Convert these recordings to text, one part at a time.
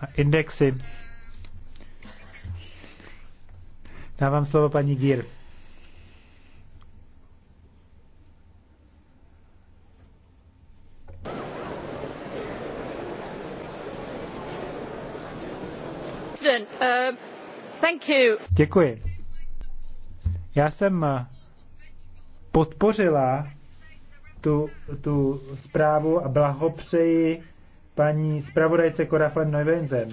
a indexy. Dávám slovo paní Gír. Uh, Děkuji. Já jsem uh, podpořila tu, tu zprávu a blahopřeji paní zpravodajce Korafan Neuwenzen.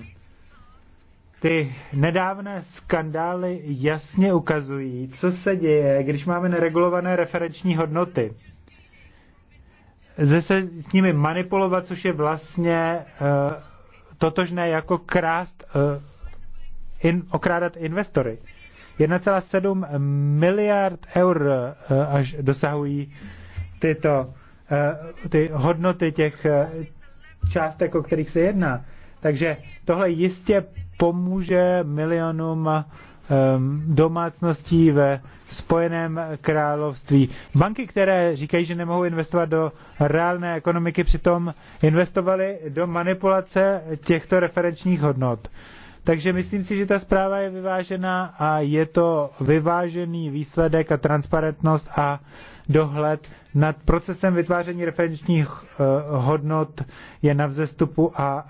Ty nedávné skandály jasně ukazují, co se děje, když máme neregulované referenční hodnoty. Lze se s nimi manipulovat, což je vlastně uh, totožné jako krást, uh, in, okrádat investory. 1,7 miliard eur uh, až dosahují tyto uh, ty hodnoty těch, uh, částek, o jako kterých se jedná. Takže tohle jistě pomůže milionům eh, domácností ve Spojeném království. Banky, které říkají, že nemohou investovat do reálné ekonomiky, přitom investovaly do manipulace těchto referenčních hodnot. Takže myslím si, že ta zpráva je vyvážená a je to vyvážený výsledek a transparentnost a dohled nad procesem vytváření referenčních eh, hodnot je na vzestupu a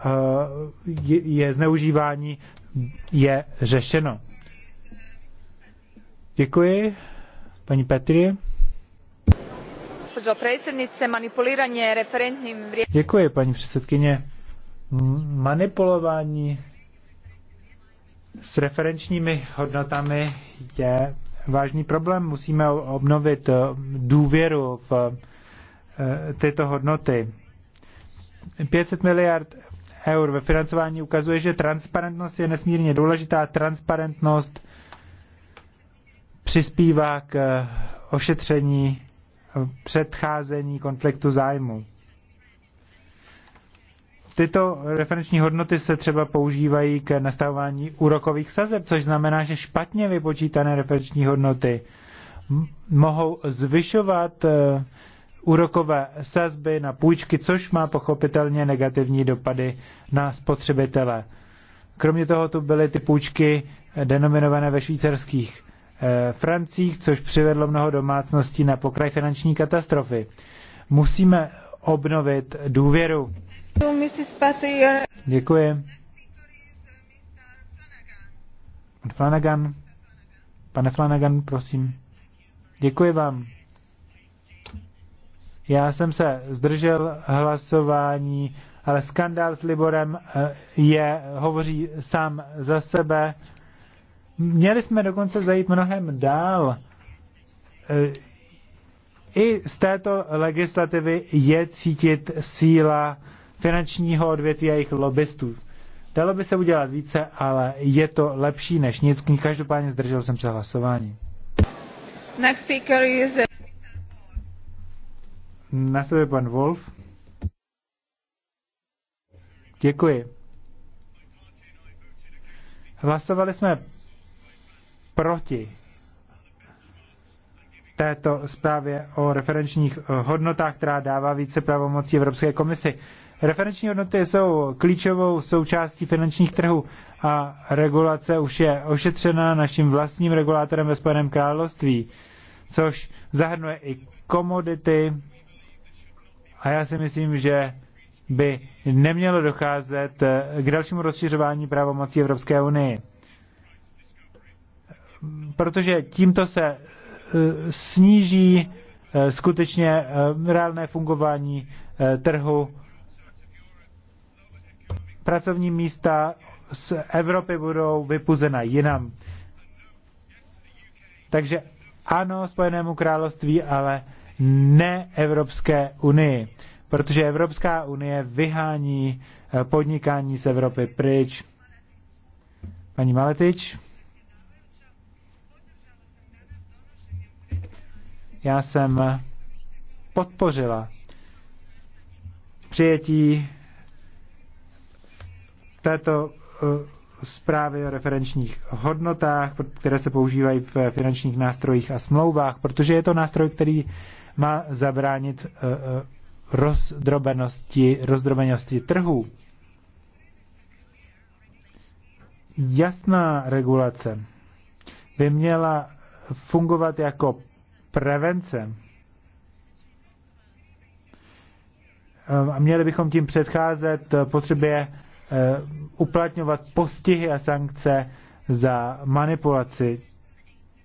eh, je zneužívání je řešeno. Děkuji. Paní Petri. Děkuji, paní předsedkyně. Manipulování s referenčními hodnotami je vážný problém. Musíme obnovit eh, důvěru v eh, tyto hodnoty. 500 miliard eur ve financování ukazuje, že transparentnost je nesmírně důležitá. Transparentnost přispívá k eh, ošetření předcházení konfliktu zájmu. Tyto referenční hodnoty se třeba používají k nastavování úrokových sazeb, což znamená, že špatně vypočítané referenční hodnoty mohou zvyšovat eh, úrokové sazby na půjčky, což má pochopitelně negativní dopady na spotřebitele. Kromě toho tu byly ty půjčky eh, denominované ve švýcarských eh, francích, což přivedlo mnoho domácností na pokraj finanční katastrofy. Musíme obnovit důvěru Děkuji. Pan Flanagan. Pane Flanagan, prosím. Děkuji vám. Já jsem se zdržel hlasování, ale skandál s Liborem eh, je, hovoří sám za sebe. Měli jsme dokonce zajít mnohem dál. Eh, I z této legislativy je cítit síla finančního odvětví a jejich lobbystů. Dalo by se udělat více, ale je to lepší než nic. Každopádně zdržel jsem se hlasování. Next speaker is... pan Wolf. Děkuji. Hlasovali jsme proti této zprávě o referenčních hodnotách, která dává více pravomocí Evropské komisi. Referenční hodnoty jsou klíčovou součástí finančních trhů a regulace už je ošetřena naším vlastním regulátorem ve Spojeném království, což zahrnuje i komodity. A já si myslím, že by nemělo docházet eh, k dalšímu rozšiřování pravomocí Evropské unie. Protože tímto se eh, sníží eh, skutečně reálné fungování trhu pracovní místa z Evropy budou vypuzena jinam. Takže ano Spojenému království, ale ne Evropské unii, protože Evropská unie vyhání eh, podnikání z Evropy pryč. Paní Maletič? Já jsem podpořila přijetí této eh, zprávy o referenčních hodnotách, které se používají v finančních nástrojích a smlouvách, protože je to nástroj, který má zabránit eh, eh, rozdrobenosti, rozdrobenosti trhů. Jasná regulace by měla fungovat jako prevence. A měli bychom tím předcházet potřebě Eh, uplatňovat postihy a sankce za manipulaci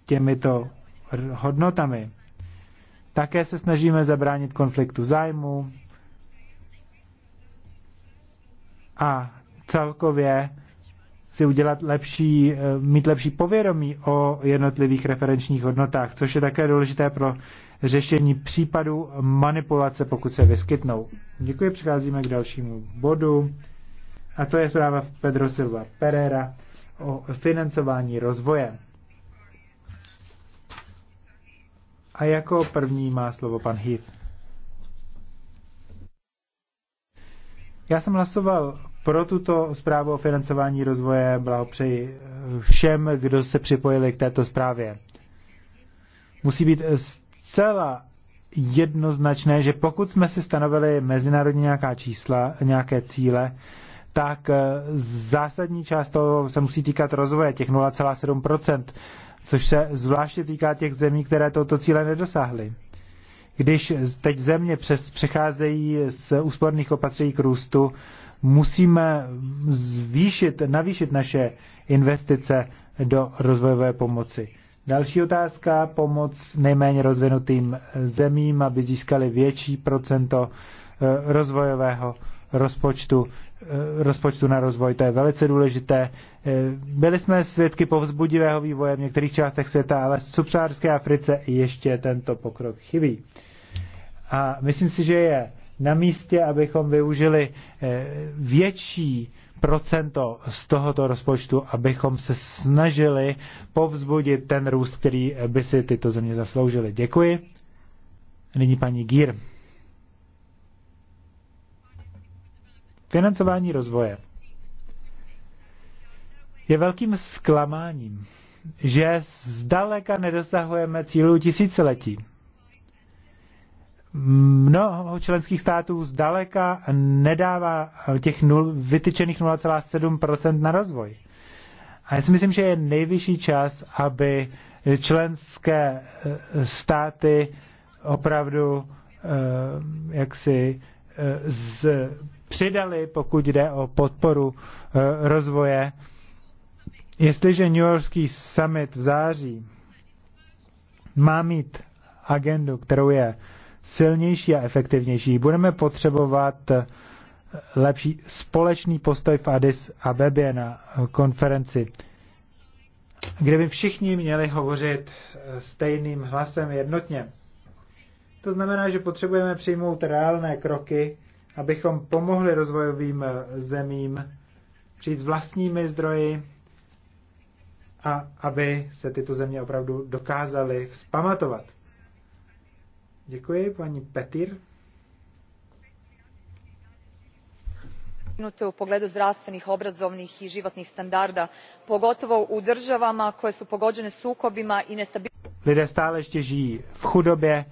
těmito hodnotami. Také se snažíme zabránit konfliktu zájmu a celkově si udělat lepší, eh, mít lepší povědomí o jednotlivých referenčních hodnotách, což je také důležité pro řešení případů manipulace, pokud se vyskytnou. Děkuji, přicházíme k dalšímu bodu. A to je zpráva Pedro Silva Pereira o financování rozvoje. A jako první má slovo pan Heath. Já jsem hlasoval pro tuto zprávu o financování rozvoje. Blahopřeji všem, kdo se připojili k této zprávě. Musí být zcela jednoznačné, že pokud jsme si stanovili mezinárodně nějaká čísla, nějaké cíle, tak eh, zásadní část toho se musí týkat rozvoje, těch 0,7%, což se zvláště týká těch zemí, které toto cíle nedosáhly. Když teď země přes, přecházejí z úsporných opatření k růstu, musíme zvýšit, navýšit naše investice do rozvojové pomoci. Další otázka, pomoc nejméně rozvinutým zemím, aby získali větší procento eh, rozvojového rozpočtu. Eh, rozpočtu na rozvoj, to je velice důležité. Eh, byli jsme svědky povzbudivého vývoje v některých částech světa, ale v subsaharské Africe ještě tento pokrok chybí. A myslím si, že je na místě, abychom využili eh, větší procento z tohoto rozpočtu, abychom se snažili povzbudit ten růst, který by si tyto země zasloužily. Děkuji. Nyní paní Gír. Financování rozvoje. Je velkým zklamáním, že zdaleka nedosahujeme cílů tisíciletí. Mnoho členských států zdaleka nedává těch nul, vytyčených 0,7 na rozvoj. A já si myslím, že je nejvyšší čas, aby členské eh, státy opravdu eh, jak si eh, z, přidali, pokud jde o podporu e, rozvoje. Jestliže New Yorkský summit v září má mít agendu, kterou je silnější a efektivnější, budeme potřebovat e, lepší společný postoj v Addis Abebě na konferenci, kde by všichni měli hovořit e, stejným hlasem jednotně. To znamená, že potřebujeme přijmout reálné kroky, abychom pomohli rozvojovým eh, zemím přijít s vlastními zdroji a aby se tyto země opravdu dokázaly vzpamatovat. Děkuji, paní Petir. u pogledu zdravstvenih obrazovnih i životnih standarda pogotovo u državama koje su pogođene sukobima i nestabilnosti. lidé stále ještě žijí v chudobě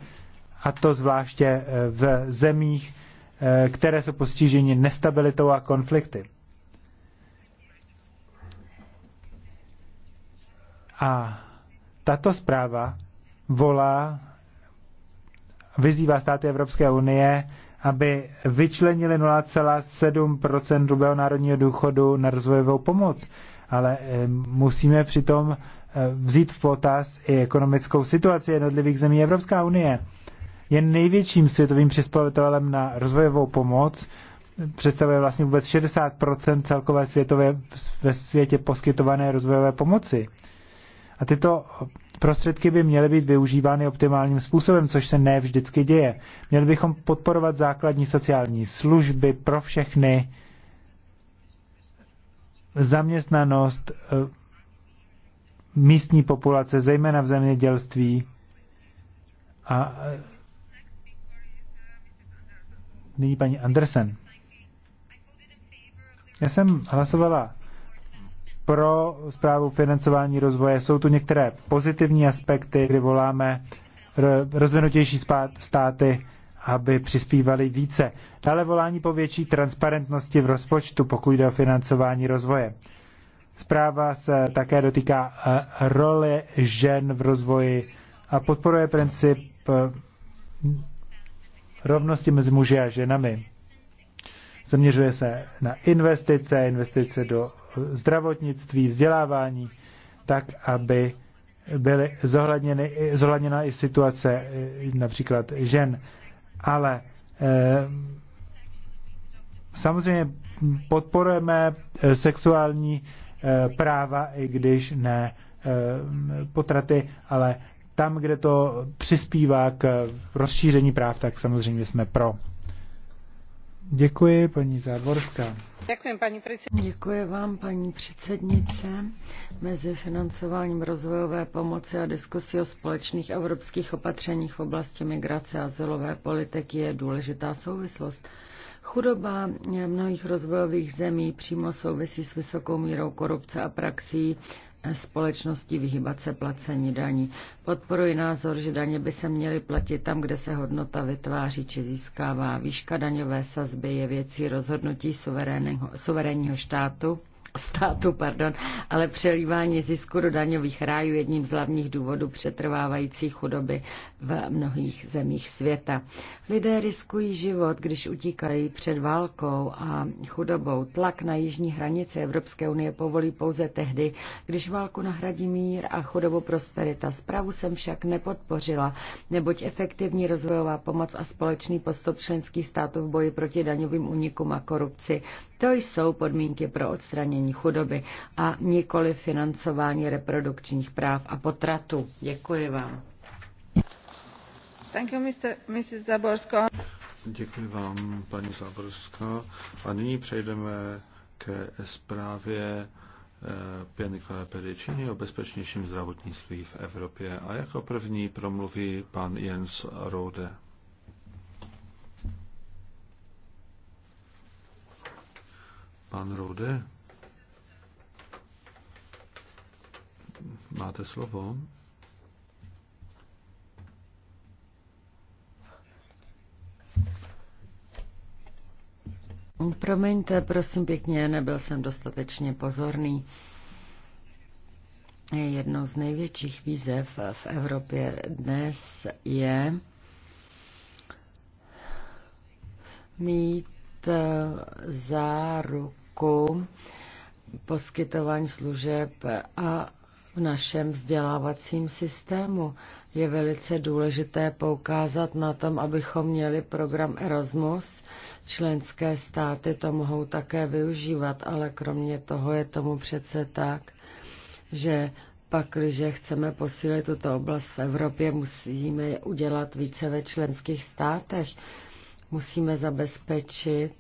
a to zvláště eh, v zemích Eh, které jsou postiženi nestabilitou a konflikty. A tato zpráva volá, vyzývá státy Evropské unie, aby vyčlenili 0,7 hrubého národního důchodu na rozvojovou pomoc. Ale eh, musíme přitom eh, vzít v potaz i ekonomickou situaci jednotlivých zemí Evropská unie je největším světovým přispěvatelem na rozvojovou pomoc, představuje vlastně vůbec 60% celkové světové, ve světě poskytované rozvojové pomoci. A tyto prostředky by měly být využívány optimálním způsobem, což se ne vždycky děje. Měli bychom podporovat základní sociální služby pro všechny, zaměstnanost eh, místní populace, zejména v zemědělství a eh, Nyní paní Andersen. Já jsem hlasovala pro zprávu financování rozvoje. Jsou tu některé pozitivní aspekty, kdy voláme rozvinutější státy, aby přispívali více. Dále volání po větší transparentnosti v rozpočtu, pokud jde o financování rozvoje. Zpráva se také dotýká eh, role žen v rozvoji a podporuje princip eh, rovnosti mezi muži a ženami. Zaměřuje se na investice, investice do zdravotnictví, vzdělávání, tak, aby byly zohledněny, zohledněna i situace eh, například žen. Ale eh, samozřejmě podporujeme eh, sexuální práva, i když ne potraty, ale tam, kde to přispívá k rozšíření práv, tak samozřejmě jsme pro. Děkuji, paní Záborská. Děkuji, paní předsednice. Děkuji vám, paní předsednice. Mezi financováním rozvojové pomoci a diskusí o společných evropských opatřeních v oblasti migrace a azylové politiky je důležitá souvislost. Chudoba mnohých rozvojových zemí přímo souvisí s vysokou mírou korupce a praxí společnosti vyhýbat se placení daní. Podporuji názor, že daně by se měly platit tam, kde se hodnota vytváří či získává. Výška daňové sazby je věcí rozhodnutí suverénního, suverénního štátu státu, pardon, ale přelívání zisku do daňových rájů je jedním z hlavních důvodů přetrvávající chudoby v mnohých zemích světa. Lidé riskují život, když utíkají před válkou a chudobou. Tlak na jižní hranice Evropské unie povolí pouze tehdy, když válku nahradí mír a chudobu prosperita. Zprávu jsem však nepodpořila, neboť efektivní rozvojová pomoc a společný postup členských států v boji proti daňovým únikům a korupci to jsou podmínky pro odstranění chudoby a nikoli financování reprodukčních práv a potratu. Děkuji vám. Thank you, Mr. Mrs. Zaborsko. Děkuji vám, paní Zaborska. A nyní přejdeme ke zprávě eh, Pěr Nikolé Pedicini o bezpečnějším zdravotnictví v Evropě. A jako první promluví pan Jens Rode. Pan Rode, máte slovo. Oh, promiňte, prosím pěkně, nebyl jsem dostatečně pozorný. Jednou z největších výzev v Evropě dnes je mít eh, záruku roku poskytování služeb a v našem vzdělávacím systému. Je velice důležité poukázat na tom, abychom měli program Erasmus. Členské státy to mohou také využívat, ale kromě toho je tomu přece tak, že pak, když chceme posílit tuto oblast v Evropě, musíme udělat více ve členských státech musíme zabezpečit,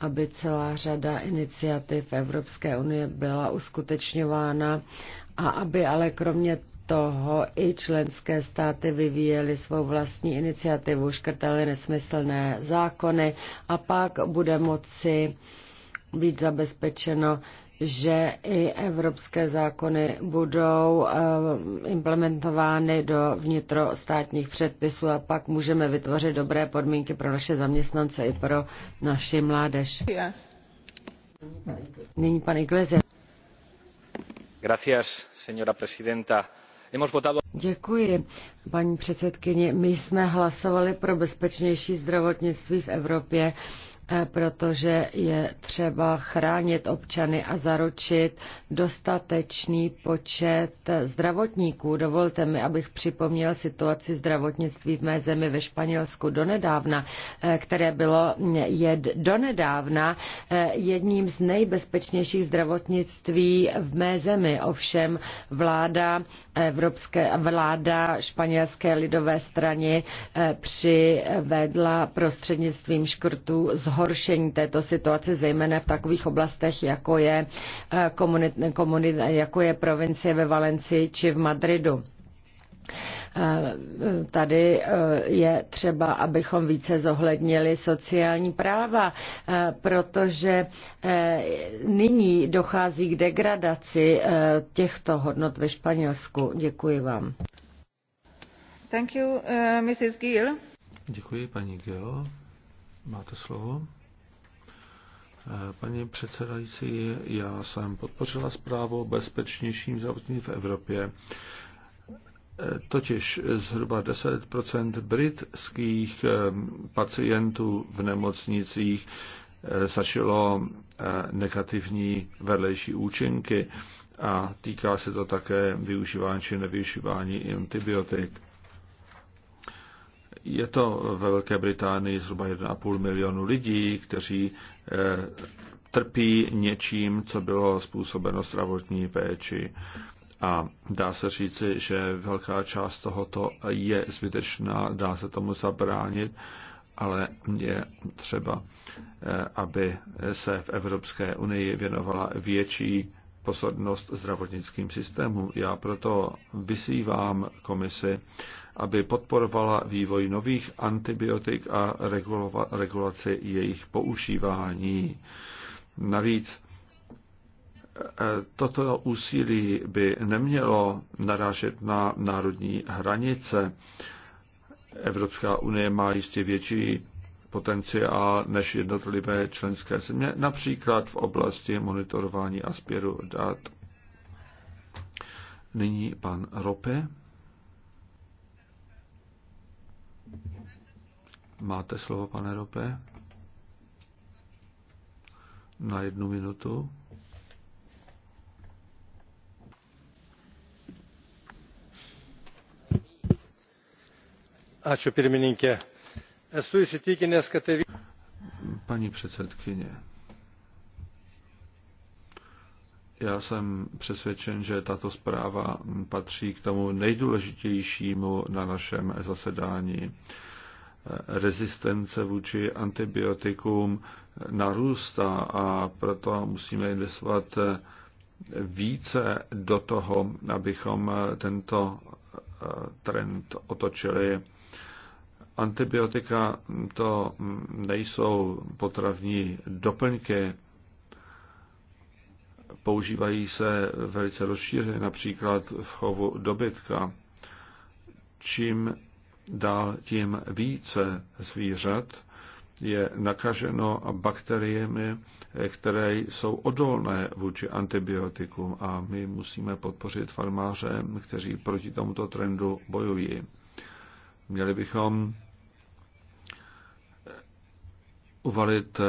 aby celá řada iniciativ Evropské unie byla uskutečňována a aby ale kromě toho i členské státy vyvíjely svou vlastní iniciativu, škrtaly nesmyslné zákony a pak bude moci být zabezpečeno, že i evropské zákony budou eh, implementovány do vnitrostátních předpisů a pak můžeme vytvořit dobré podmínky pro naše zaměstnance i pro naši mládež. Nyní pan Iglesias. Gracias, señora presidenta. Děkuji, paní předsedkyně. My jsme hlasovali pro bezpečnější zdravotnictví v Evropě Eh, protože je třeba chránit občany a zaručit dostatečný počet zdravotníků. Dovolte mi, abych připomněl situaci zdravotnictví v mé zemi ve Španělsku donedávna, eh, které bylo jed, donedávna eh, jedním z nejbezpečnějších zdravotnictví v mé zemi. Ovšem vláda, Evropské, vláda španělské lidové strany přivedla prostřednictvím škrtů z zhoršení této situace, zejména v takových oblastech, jako je, eh, komunit, komunit, jako je provincie ve Valencii či v Madridu. Eh, eh, tady je třeba, abychom více zohlednili sociální práva, protože nyní dochází k degradaci těchto hodnot ve Španělsku. Děkuji vám. Thank you, uh, Mrs. Gill. Děkuji, paní Gill. Máte slovo. Eh, paní předsedající, já jsem podpořila zprávu o bezpečnějším zdravotnictví v Evropě. Eh, totiž zhruba 10 britských eh, pacientů v nemocnicích začalo negativní vedlejší účinky a týká se to také využívání či nevyužívání antibiotik. Je to ve Velké Británii zhruba 1,5 milionu lidí, kteří eh, trpí něčím, co bylo způsobeno zdravotní péči. A dá se říci, že velká část tohoto je zbytečná, dá se tomu zabránit, ale je třeba, eh, aby se v Evropské unii věnovala větší pozornost zdravotnickým systémům. Já proto vysívám komisi, aby podporovala vývoj nových antibiotik a regulaci jejich používání. Navíc e, toto úsilí by nemělo narážet na národní hranice. Evropská unie má jistě větší potenciál než jednotlivé členské země, například v oblasti monitorování a sběru dat. Nyní pan Rope. Máte slovo, pane Rope? Na jednu minutu. Ačiū pirmininkė. Esu įsitikinęs, kad tai... Paní předsedkyně, já jsem přesvědčen, že tato zpráva patří k tomu nejdůležitějšímu na našem zasedání rezistence vůči antibiotikům narůstá a proto musíme investovat více do toho, abychom tento eh, trend otočili. Antibiotika to nejsou potravní doplňky, používají se velice rozšířeně, například v chovu dobytka. Čím dál tím více zvířat je nakaženo bakteriemi, které jsou odolné vůči antibiotikům a my musíme podpořit farmáře, kteří proti tomuto trendu bojují. Měli bychom uvalit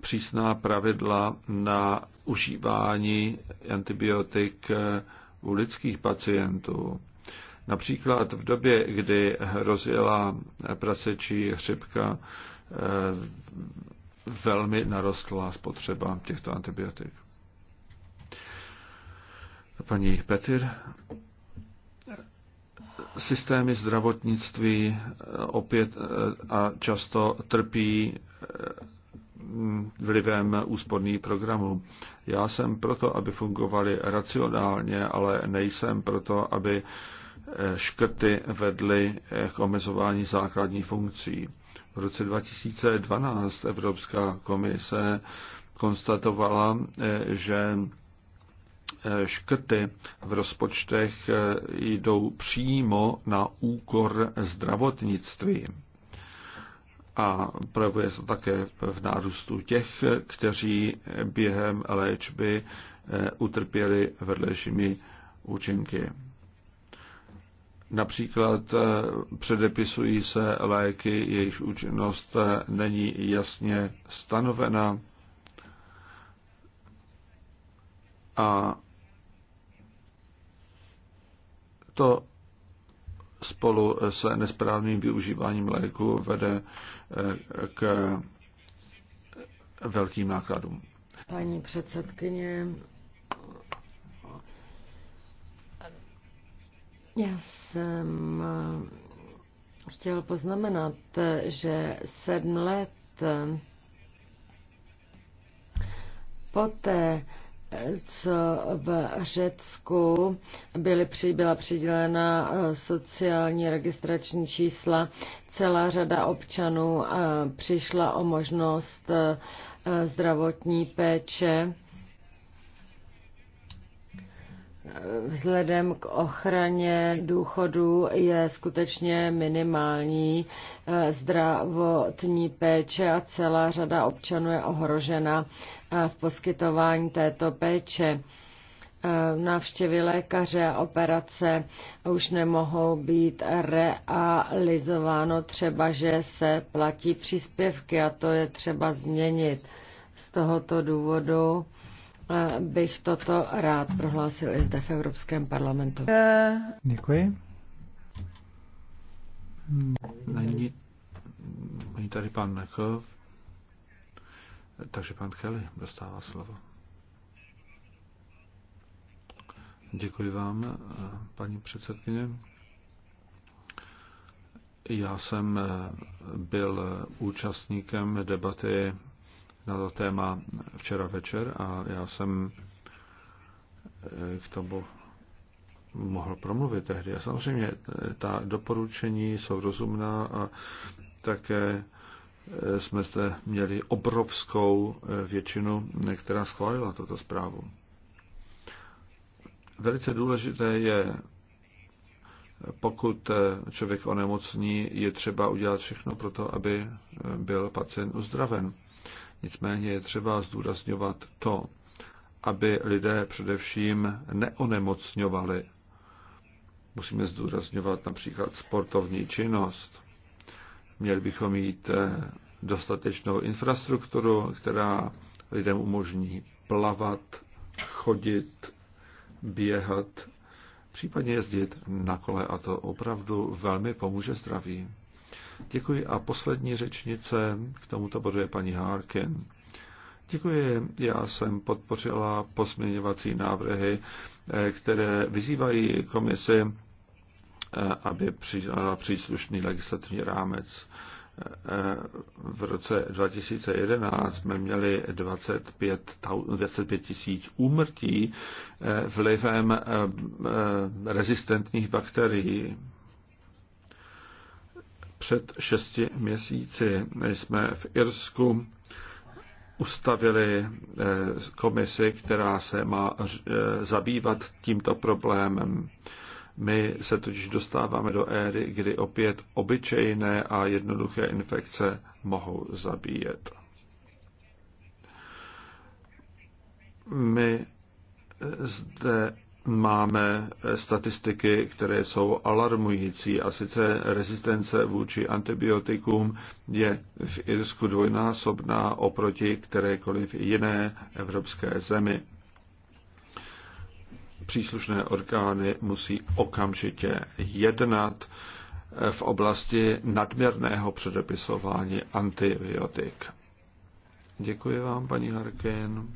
přísná pravidla na užívání antibiotik u lidských pacientů Například v době, kdy hrozila prasečí chřipka, eh, velmi narostla spotřeba těchto antibiotik. Paní Petir, systémy zdravotnictví eh, opět eh, a často trpí vlivem úsporných programů. Já jsem proto, aby fungovaly racionálně, ale nejsem proto, aby Eh, škrty vedly eh, k omezování základních funkcí. V roce 2012 Evropská komise konstatovala, eh, že škrty v rozpočtech jdou přímo na úkor zdravotnictví. A projevuje se také v nárůstu těch, kteří během léčby utrpěli vedlejšími účinky. Například eh, předepisují se léky, jejichž účinnost eh, není jasně stanovena a to spolu s nesprávným využíváním léku vede eh, k velkým nákladům. Paní předsedkyně, Já jsem eh, chtěl poznamenat, že sedm let eh, poté, eh, co v Řecku byly, při, byla přidělena sociální registrační čísla, celá řada občanů přišla o možnost zdravotní péče vzhledem k ochraně důchodu je skutečně minimální eh, zdravotní péče a celá řada občanů je ohrožena eh, v poskytování této péče eh, návštěvy lékaře a operace už nemohou být realizováno, třeba že se platí příspěvky a to je třeba změnit. Z tohoto důvodu bych toto rád prohlásil i zde v Evropském parlamentu. Eh. Děkuji. Není, není tady pan Nekov, takže pan Kelly dostává slovo. Děkuji vám, paní předsedkyně. Já jsem byl účastníkem debaty na to téma včera večer a já jsem eh, k tomu mohl promluvit tehdy. A samozřejmě eh, ta doporučení jsou rozumná a také eh, jsme zde měli obrovskou většinu, která schválila tuto zprávu. Velice důležité je, pokud člověk onemocní, je třeba udělat všechno pro to, aby byl pacient uzdraven. Nicméně je třeba zdůrazňovat to, aby lidé především neonemocňovali. Musíme zdůrazňovat například sportovní činnost. Měli bychom mít eh, dostatečnou infrastrukturu, která lidem umožní plavat, chodit, běhat, případně jezdit na kole a to opravdu velmi pomůže zdraví. Děkuji a poslední řečnice k tomuto bodu je paní Harkin. Děkuji. Já jsem podpořila pozměňovací návrhy, eh, které vyzývají komisi, eh, aby přijala příslušný legislativní rámec. Eh, v roce 2011 jsme měli 25, 25 tisíc úmrtí vlivem rezistentních bakterií před šesti měsíci jsme v Irsku ustavili eh, komisi, která se má eh, zabývat tímto problémem. My se totiž dostáváme do éry, kdy opět obyčejné a jednoduché infekce mohou zabíjet. My eh, zde máme eh, statistiky, které jsou alarmující a sice rezistence vůči antibiotikům je v Irsku dvojnásobná oproti kterékoliv jiné evropské zemi. Příslušné orgány musí okamžitě jednat eh, v oblasti nadměrného předepisování antibiotik. Děkuji vám, paní Harkin.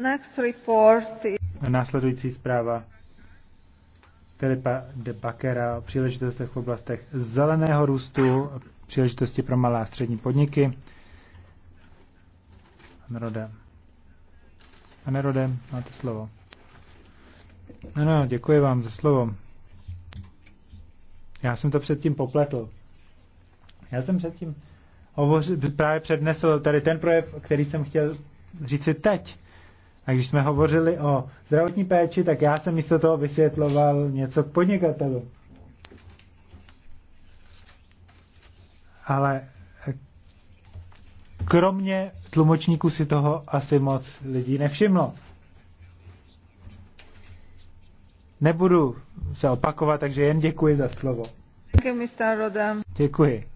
Next report is... Následující zpráva Filipa de Bakera o příležitostech v oblastech zeleného růstu, příležitosti pro malé a střední podniky. Anerode. Rode. Pane Rode, máte slovo. Ano, no, děkuji vám za slovo. Já jsem to předtím popletl. Já jsem předtím hovořil, právě přednesl tady ten projev, který jsem chtěl si teď. A když jsme hovořili o zdravotní péči, tak já jsem místo toho vysvětloval něco k podnikatelu. Ale eh, kromě tlumočníků si toho asi moc lidí nevšimlo. Nebudu se opakovat, takže jen děkuji za slovo. Děkuji, Rodem. Děkuji,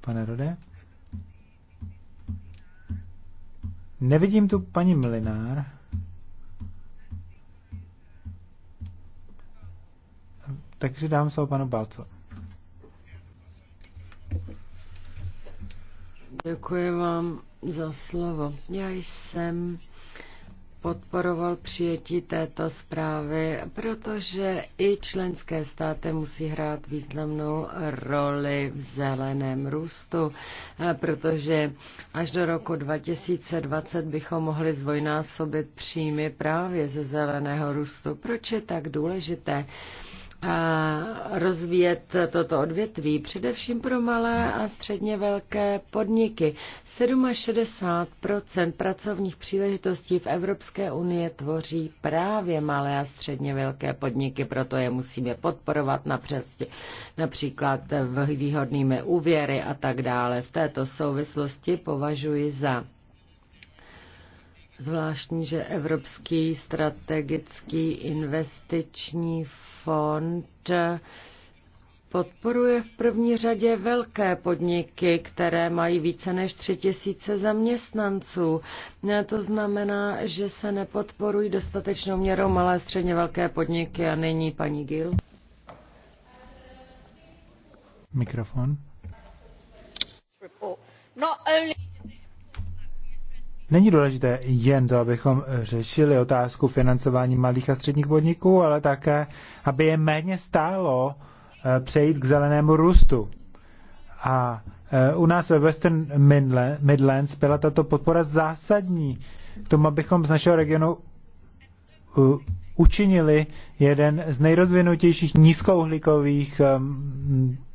pane Rode. Nevidím tu paní Milinár. Takže dám slovo panu Balco. Děkuji vám za slovo. Já jsem podporoval přijetí této zprávy, protože i členské státy musí hrát významnou roli v zeleném růstu, eh, protože až do roku 2020 bychom mohli zvojnásobit příjmy právě ze zeleného růstu. Proč je tak důležité? rozvíjet toto odvětví, především pro malé a středně velké podniky. 67 pracovních příležitostí v Evropské unii tvoří právě malé a středně velké podniky, proto je musíme podporovat například výhodnými úvěry a tak dále. V této souvislosti považuji za zvláštní, že Evropský strategický investiční fond podporuje v první řadě velké podniky, které mají více než tři tisíce zaměstnanců. To znamená, že se nepodporují dostatečnou měrou malé středně velké podniky a není paní Gil. Mikrofon. Není důležité jen to, abychom řešili otázku financování malých a středních podniků, ale také, aby je méně stálo eh, přejít k zelenému růstu. A eh, u nás ve Western Midlands byla tato podpora zásadní k tomu, abychom z našeho regionu eh, učinili jeden z nejrozvinutějších nízkouhlíkových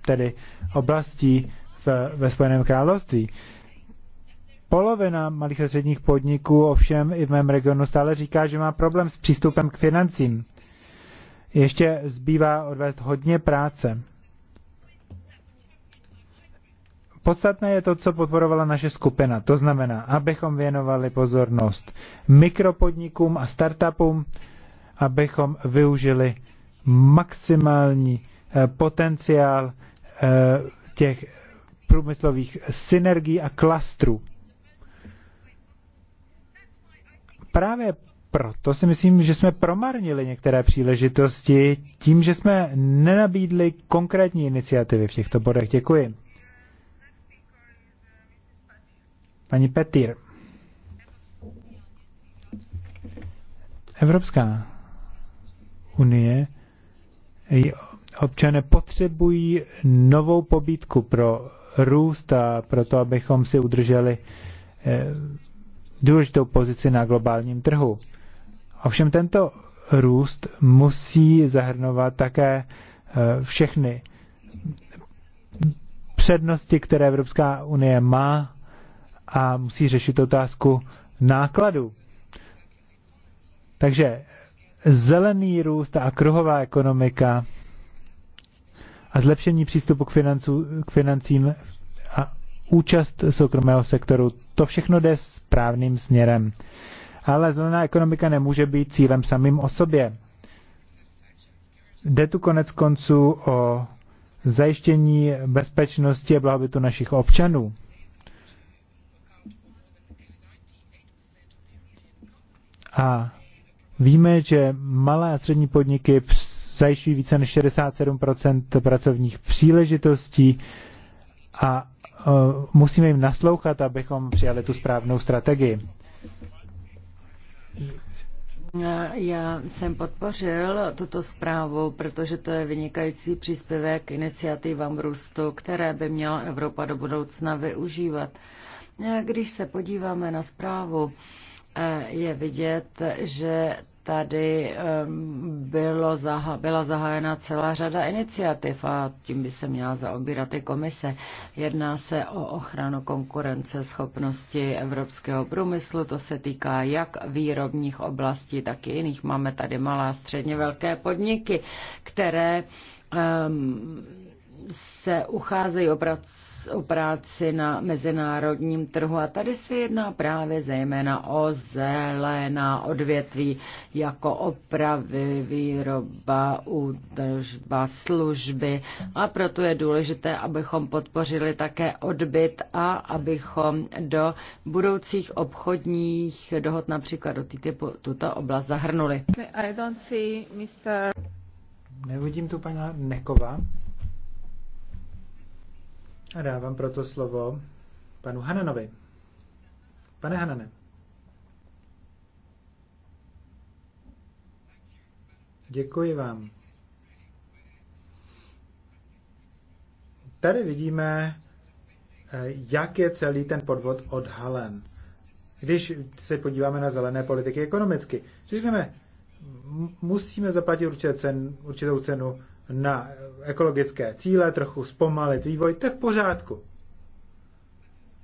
tedy oblastí ve Spojeném království. Polovina malých a středních podniků ovšem i v mém regionu stále říká, že má problém s přístupem k financím. Ještě zbývá odvést hodně práce. Podstatné je to, co podporovala naše skupina. To znamená, abychom věnovali pozornost mikropodnikům a startupům, abychom využili maximální eh, potenciál eh, těch průmyslových synergií a klastrů. právě proto si myslím, že jsme promarnili některé příležitosti tím, že jsme nenabídli konkrétní iniciativy v těchto bodech. Děkuji. Paní Petir. Evropská unie i občané potřebují novou pobídku pro růst a pro to, abychom si udrželi eh, důležitou pozici na globálním trhu. Ovšem tento růst musí zahrnovat také eh, všechny přednosti, které Evropská unie má a musí řešit otázku nákladů. Takže zelený růst a kruhová ekonomika a zlepšení přístupu k, financu, k financím a účast soukromého sektoru, to všechno jde správným směrem. Ale zelená ekonomika nemůže být cílem samým o sobě. Jde tu konec konců o zajištění bezpečnosti a blahobytu našich občanů. A víme, že malé a střední podniky zajišťují více než 67 pracovních příležitostí a Eh, musíme jim naslouchat, abychom přijali tu správnou strategii. Já jsem podpořil tuto zprávu, protože to je vynikající příspěvek iniciativám růstu, které by měla Evropa do budoucna využívat. Když se podíváme na zprávu, eh, je vidět, že tady bylo zaha- byla zahájena celá řada iniciativ a tím by se měla zaobírat i komise. Jedná se o ochranu konkurence schopnosti evropského průmyslu, to se týká jak výrobních oblastí, tak i jiných. Máme tady malá středně velké podniky, které um, se ucházejí o prac o práci na mezinárodním trhu. A tady se jedná právě zejména o zelená odvětví jako opravy, výroba, údržba, služby. A proto je důležité, abychom podpořili také odbyt a abychom do budoucích obchodních dohod, například do typu tuto oblast zahrnuli. I don't see Mr. Nevidím tu paní Nekova. A dávám proto slovo panu Hananovi. Pane Hanane. Děkuji vám. Tady vidíme, eh, jak je celý ten podvod odhalen. Když se podíváme na zelené politiky ekonomicky, když musíme zaplatit určitou cenu na ekologické cíle, trochu zpomalit vývoj, to je v pořádku.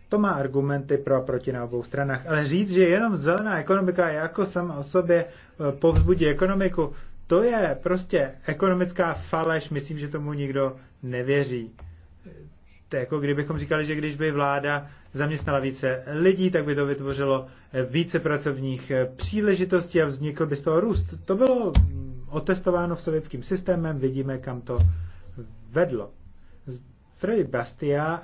To má argumenty pro a proti na obou stranách. Ale říct, že jenom zelená ekonomika jako sama o sobě e, povzbudí ekonomiku, to je prostě ekonomická faleš, myslím, že tomu nikdo nevěří. To je jako kdybychom říkali, že když by vláda zaměstnala více lidí, tak by to vytvořilo více pracovních e, příležitostí a vznikl by z toho růst. To bylo otestováno v sovětským systémem, vidíme, kam to vedlo. Freddy Bastia eh,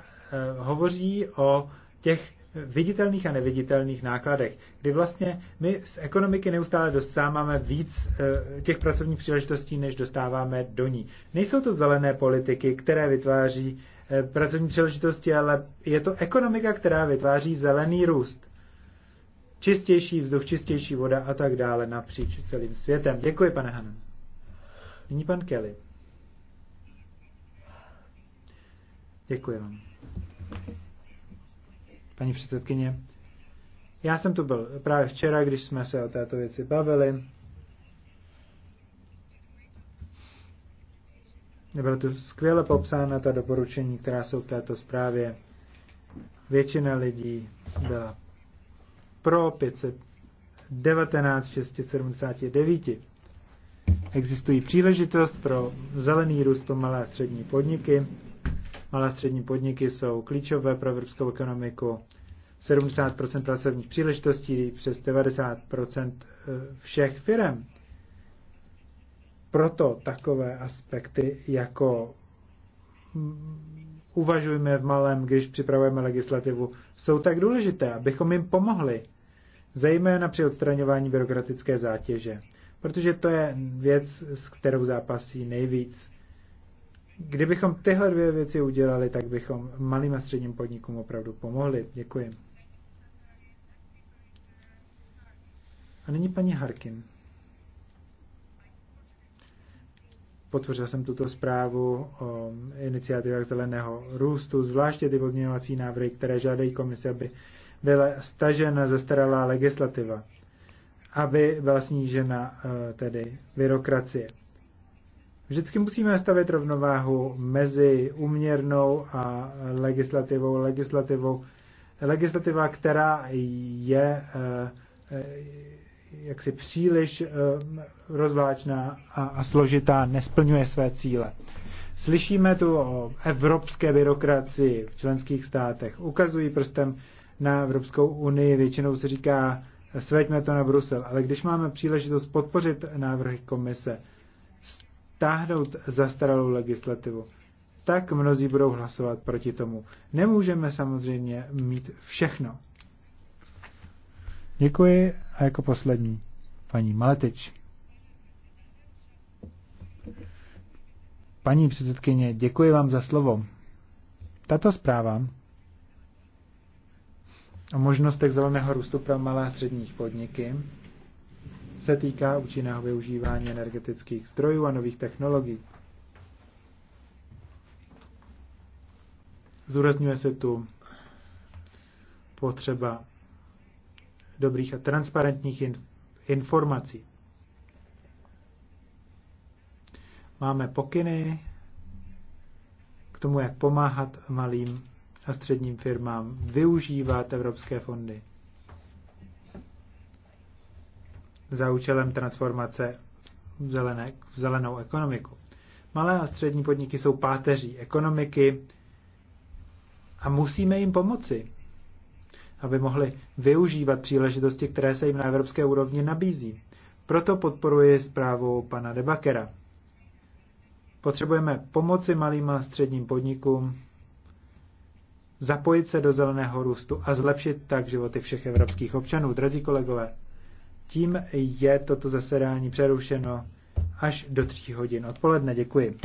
hovoří o těch viditelných a neviditelných nákladech, kdy vlastně my z ekonomiky neustále dostáváme víc eh, těch pracovních příležitostí, než dostáváme do ní. Nejsou to zelené politiky, které vytváří eh, pracovní příležitosti, ale je to ekonomika, která vytváří zelený růst čistější vzduch, čistější voda a tak dále napříč celým světem. Děkuji, pane Hanen. Nyní pan Kelly. Děkuji vám. Paní předsedkyně, já jsem tu byl právě včera, když jsme se o této věci bavili. Byla tu skvěle popsána ta doporučení, která jsou v této zprávě. Většina lidí byla pro 519 679. Existují příležitost pro zelený růst pro malé a střední podniky. Malé a střední podniky jsou klíčové pro evropskou ekonomiku. 70% pracovních příležitostí, přes 90% eh, všech firm. Proto takové aspekty jako uvažujme v malém, když připravujeme legislativu, jsou tak důležité, abychom jim pomohli, zejména při odstraňování byrokratické zátěže, protože to je věc, s kterou zápasí nejvíc. Kdybychom tyhle dvě věci udělali, tak bychom malým a středním podnikům opravdu pomohli. Děkuji. A nyní paní Harkin. Potvořil jsem tuto zprávu o iniciativách zeleného růstu, zvláště ty pozměňovací návrhy, které žádají komise, aby byla stažena zastaralá legislativa, aby byla snížena e, tedy byrokracie. Vždycky musíme stavit rovnováhu mezi uměrnou a legislativou, legislativou, legislativa, která je e, jaksi příliš eh, rozvážná a, a složitá, nesplňuje své cíle. Slyšíme tu o evropské byrokracii v členských státech. Ukazují prstem na Evropskou unii, většinou se říká, sveďme to na Brusel. Ale když máme příležitost podpořit návrhy komise, stáhnout zastaralou legislativu, tak mnozí budou hlasovat proti tomu. Nemůžeme samozřejmě mít všechno. Děkuji a jako poslední, paní Maletič. Paní předsedkyně, děkuji vám za slovo. Tato zpráva o možnostech zeleného růstu pro malé a střední podniky se týká účinného využívání energetických zdrojů a nových technologií. Zúrazňuje se tu potřeba dobrých a transparentních informací. Máme pokyny k tomu, jak pomáhat malým a středním firmám využívat evropské fondy za účelem transformace v, zelené, v zelenou ekonomiku. Malé a střední podniky jsou páteří ekonomiky a musíme jim pomoci aby mohli využívat příležitosti, které se jim na evropské úrovni nabízí. Proto podporuji zprávu pana Debakera. Potřebujeme pomoci malým a středním podnikům zapojit se do zeleného růstu a zlepšit tak životy všech evropských občanů. Drazí kolegové, tím je toto zasedání přerušeno až do tří hodin odpoledne. Děkuji.